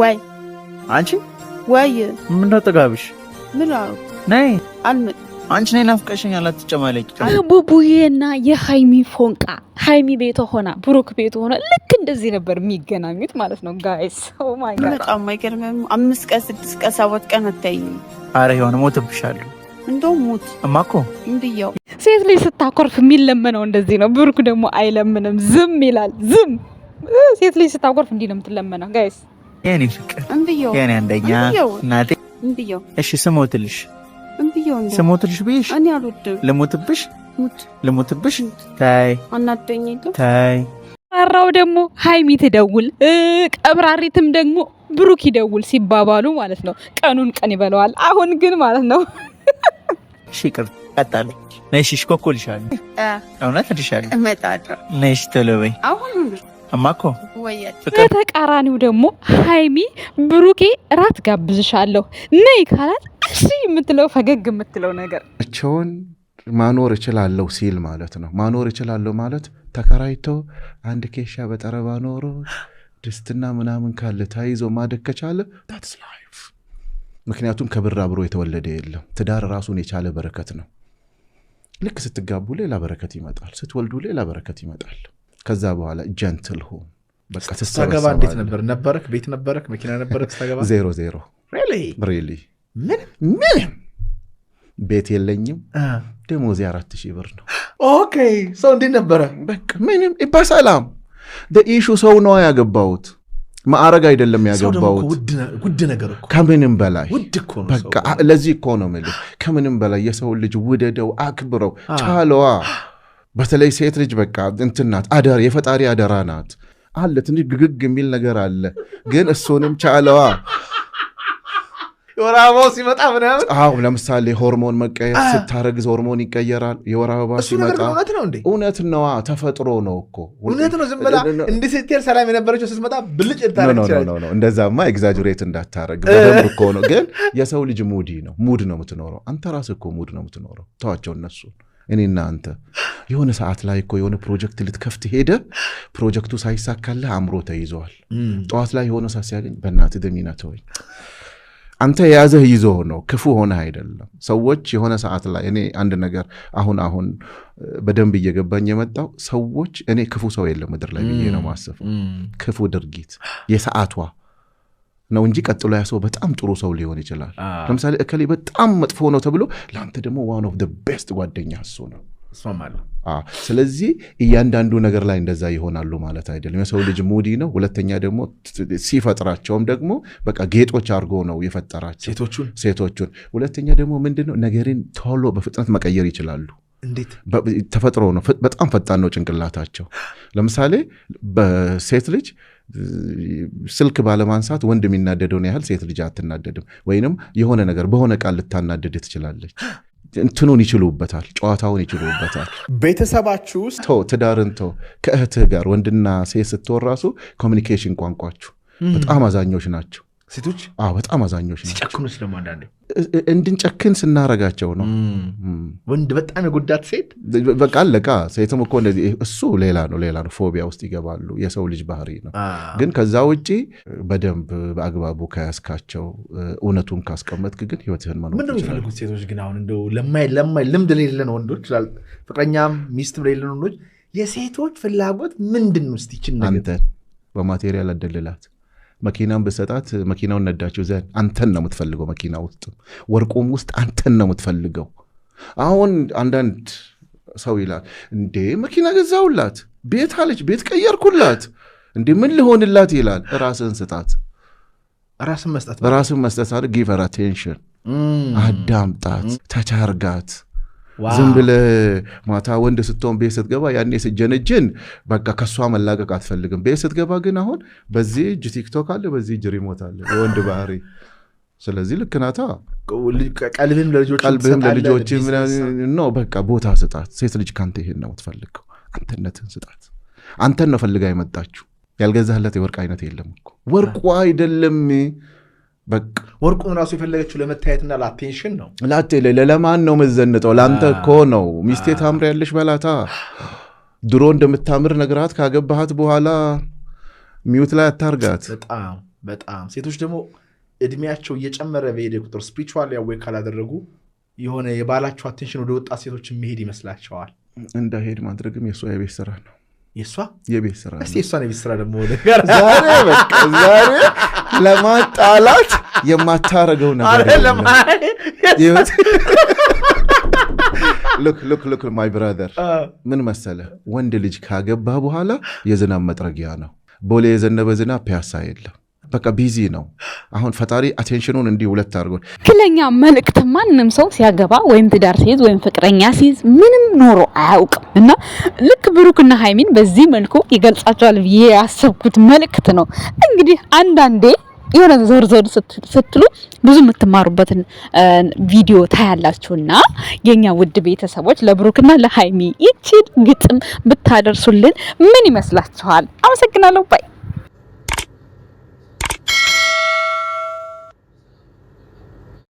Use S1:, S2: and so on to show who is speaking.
S1: ወይ አንቺ ወይ
S2: ምነው ጥጋብሽ? ምን ነይ አልመጣም። አንቺ ነይ ናፍቀሽኛል። አትጨማለቂ።
S1: ቡቡዬና የሀይሚ ፎንቃ ሀይሚ ቤት ሆና ብሩክ ቤት ሆና ልክ እንደዚህ ነበር የሚገናኙት ማለት ነው። ጋይስ oh በጣም አይገርምም? አምስት ቀን ስድስት ቀን ሰባት ቀን አታይም።
S2: አረ የሆነ ሞትብሻለሁ። እንደው ሞት እማኮ
S1: እንድያው ሴት ልጅ ስታኮርፍ የሚለመነው እንደዚህ ነው። ብሩክ ደግሞ አይለምንም፣ ዝም ይላል። ዝም ሴት ልጅ ስታኮርፍ እንዲህ ነው የምትለመነው ጋይስ
S2: የኔ ፍቅር የኔ አንደኛ
S1: እናቴ እሺ ስሞትልሽ
S2: ስሞትልሽ ብዬሽ ልሞትብሽ ልሞትብሽ ታይ አናደኝ ታይ
S1: ራው ደግሞ ሀይሚ ትደውል ቀብራሪትም ደግሞ ብሩክ ይደውል ሲባባሉ ማለት ነው። ቀኑን ቀን ይበለዋል። አሁን ግን ማለት ነው
S2: እሺ ቅር ቀጣለ ነሽ ሽኮኮልሻል እውነት ልሻል ነሽ ቶሎ በይ እማኮ
S1: በተቃራኒው ደግሞ ሀይሚ ብሩኬ እራት ጋብዝሻለሁ ነይ ካላት እሺ የምትለው ፈገግ የምትለው ነገር
S2: እቸውን ማኖር እችላለሁ ሲል ማለት ነው። ማኖር እችላለሁ ማለት ተከራይቶ አንድ ኬሻ በጠረባ ኖሮ ድስትና ምናምን ካለ ተይዞ ማደግ ከቻለ ታትስ ላይፍ። ምክንያቱም ከብር አብሮ የተወለደ የለም። ትዳር ራሱን የቻለ በረከት ነው። ልክ ስትጋቡ ሌላ በረከት ይመጣል፣ ስትወልዱ ሌላ በረከት ይመጣል። ከዛ በኋላ ጀንትል ሁን። በቃ ስታገባ እንዴት ነበር? ነበረክ? ቤት ነበረክ? መኪና ነበረክ? ስታገባ ዜሮ ዜሮ። ምንም ምንም ቤት የለኝም። ደሞዜ አራት ሺህ ብር ነው።
S1: ኦኬ ሰው እንዴት ነበረ?
S2: ምንም በሰላም ኢሹ ሰው ነዋ ያገባሁት ማዕረግ አይደለም ያገባሁት። ውድ ነገር ከምንም በላይ በቃ ለዚህ እኮ ነው የምልህ ከምንም በላይ የሰውን ልጅ ውደደው፣ አክብረው ቻለዋ በተለይ ሴት ልጅ በቃ እንትናት አደር የፈጣሪ አደራ ናት አለ። ትንሽ ግግግ የሚል ነገር አለ፣ ግን እሱንም ቻለዋ።
S1: የወር አበባው ሲመጣ ምናምን
S2: አዎ፣ ለምሳሌ ሆርሞን መቀየር ስታረግዝ ሆርሞን ይቀየራል። የወር አበባ ሲመጣ እውነት ነዋ፣ ተፈጥሮ ነው እኮ
S1: እውነት ነው። ዝም ብላ እንዲህ ስትሄድ ሰላም የነበረችው ስትመጣ ብልጭ
S2: ልታረግ እንደዛማ ኤግዛጅሬት እንዳታረግ በደንብ እኮ ነው። ግን የሰው ልጅ ሙዲ ነው፣ ሙድ ነው የምትኖረው። አንተ ራስህ እኮ ሙድ ነው የምትኖረው። ተዋቸው እነሱ እኔና አንተ የሆነ ሰዓት ላይ እኮ የሆነ ፕሮጀክት ልትከፍት ሄደ፣ ፕሮጀክቱ ሳይሳካልህ አእምሮ ተይዘዋል። ጠዋት ላይ የሆነ ሰዓት ሲያገኝ በእናትህ ደሚና ተወኝ አንተ የያዘህ ይዞ ነው፣ ክፉ ሆነ አይደለም። ሰዎች የሆነ ሰዓት ላይ እኔ አንድ ነገር አሁን አሁን በደንብ እየገባኝ የመጣው ሰዎች እኔ ክፉ ሰው የለም ምድር ላይ ብዬ ነው ማስበው። ክፉ ድርጊት የሰዓቷ ነው እንጂ ቀጥሎ ያ ሰው በጣም ጥሩ ሰው ሊሆን ይችላል። ለምሳሌ እከሌ በጣም መጥፎ ነው ተብሎ ለአንተ ደግሞ ዋን ኦፍ ደ ቤስት ጓደኛ እሱ ነው። እስማማለሁ። ስለዚህ እያንዳንዱ ነገር ላይ እንደዛ ይሆናሉ ማለት አይደለም። የሰው ልጅ ሙዲ ነው። ሁለተኛ ደግሞ ሲፈጥራቸውም ደግሞ በቃ ጌጦች አድርጎ ነው የፈጠራቸው ሴቶቹን። ሁለተኛ ደግሞ ምንድነው ነገርን ቶሎ በፍጥነት መቀየር ይችላሉ። ተፈጥሮ ነው። በጣም ፈጣን ነው ጭንቅላታቸው። ለምሳሌ በሴት ልጅ ስልክ ባለማንሳት ወንድ የሚናደደውን ያህል ሴት ልጅ አትናደድም፣ ወይንም የሆነ ነገር በሆነ ቃል ልታናደድ ትችላለች። እንትኑን ይችሉበታል፣ ጨዋታውን ይችሉበታል። ቤተሰባችሁ ውስጥ ትዳርን ተው ከእህትህ ጋር ወንድና ሴት ስትወራሱ ኮሚኒኬሽን ቋንቋችሁ በጣም አዛኞች ናቸው። ሴቶች በጣም አዛኞች
S1: ሲጨክኑ ደግሞ አንዳንዴ
S2: እንድንጨክን ስናረጋቸው ነው።
S1: ወንድ በጣም የጎዳት ሴት
S2: በቃ አለቃ። ሴትም እኮ እንደዚህ እሱ ሌላ ነው ሌላ ነው፣ ፎቢያ ውስጥ ይገባሉ። የሰው ልጅ ባህሪ ነው። ግን ከዛ ውጪ በደንብ በአግባቡ ከያስካቸው እውነቱን ካስቀመጥክ ግን ህይወትህን መኖር
S1: ምንድ የሚፈልጉት ሴቶች ግን አሁን እንደው ለማይ ለማይ ልምድ ሌለን ወንዶች ፍቅረኛም ሚስት ሌለን ወንዶች የሴቶች ፍላጎት ምንድን ውስጥ ይችን
S2: አንተን በማቴሪያል አደልላት መኪናን ብሰጣት መኪናውን ነዳችው ዘንድ አንተን ነው የምትፈልገው። መኪና ውስጥ ወርቁም ውስጥ አንተን ነው የምትፈልገው። አሁን አንዳንድ ሰው ይላል እንዴ መኪና ገዛውላት፣ ቤት አለች፣ ቤት ቀየርኩላት፣ እንዴ ምን ልሆንላት ይላል። ራስን ስጣት። ራስን መስጠት ራስን መስጠት አለ ጊቨር አቴንሽን፣ አዳምጣት፣ ተቻርጋት ዝም ብለ ማታ ወንድ ስትሆን ቤት ስትገባ ያኔ ስጀነጀን በቃ ከእሷ መላቀቅ አትፈልግም። ቤት ስትገባ ግን አሁን በዚህ እጅ ቲክቶክ አለ፣ በዚህ እጅ ሪሞት አለ። የወንድ ባህሪ ስለዚህ ልክናታ
S1: ናታ። ቀልብም
S2: ለልጆች ነው። በቃ ቦታ ስጣት። ሴት ልጅ ከአንተ ይሄን ነው የምትፈልገው። አንተነትን ስጣት። አንተን ነው ፈልጋ የመጣችው። ያልገዛህለት የወርቅ አይነት የለም እኮ ወርቁ አይደለም
S1: ወርቁን ራሱ የፈለገችው ለመታየትና ለአቴንሽን ነው።
S2: ለማን ነው መዘንጠው? ለአንተ እኮ ነው። ሚስቴ ታምር ያለሽ በላታ ድሮ እንደምታምር ነግራት ካገባሃት በኋላ ሚዩት ላይ አታርጋት።
S1: በጣም በጣም ሴቶች ደግሞ እድሜያቸው እየጨመረ በሄደ ቁጥር ስፒሪቹዋል ያወይ ካላደረጉ የሆነ የባላቸው አቴንሽን ወደ ወጣት ሴቶች የሚሄድ ይመስላቸዋል።
S2: እንዳሄድ ማድረግም የእሷ የቤት ስራ ነው። የእሷ የቤት ስራ
S1: እስቲ የእሷን የቤት ስራ ደግሞ
S2: ዛሬ በቃ ዛሬ ለማጣላት የማታረገው
S1: ነገር
S2: ማይ ብራዘር ምን መሰለ ወንድ ልጅ ካገባ በኋላ የዝናብ መጥረጊያ ነው ቦሌ የዘነበ ዝናብ ፒያሳ የለም በቃ ቢዚ ነው። አሁን ፈጣሪ አቴንሽኑን እንዲህ ሁለት አድርጎ
S1: ክለኛ መልእክት ማንም ሰው ሲያገባ ወይም ትዳር ሲይዝ ወይም ፍቅረኛ ሲይዝ ምንም ኖሮ አያውቅም እና ልክ ብሩክና ሀይሚን በዚህ መልኩ ይገልጻቸዋል ብዬ ያሰብኩት መልእክት ነው። እንግዲህ አንዳንዴ የሆነ ዞር ዞር ስትሉ ብዙ የምትማሩበትን ቪዲዮ ታያላችሁና የኛ ውድ ቤተሰቦች ለብሩክና ለሀይሚ ይቺን ግጥም ብታደርሱልን ምን ይመስላችኋል? አመሰግናለሁ ባይ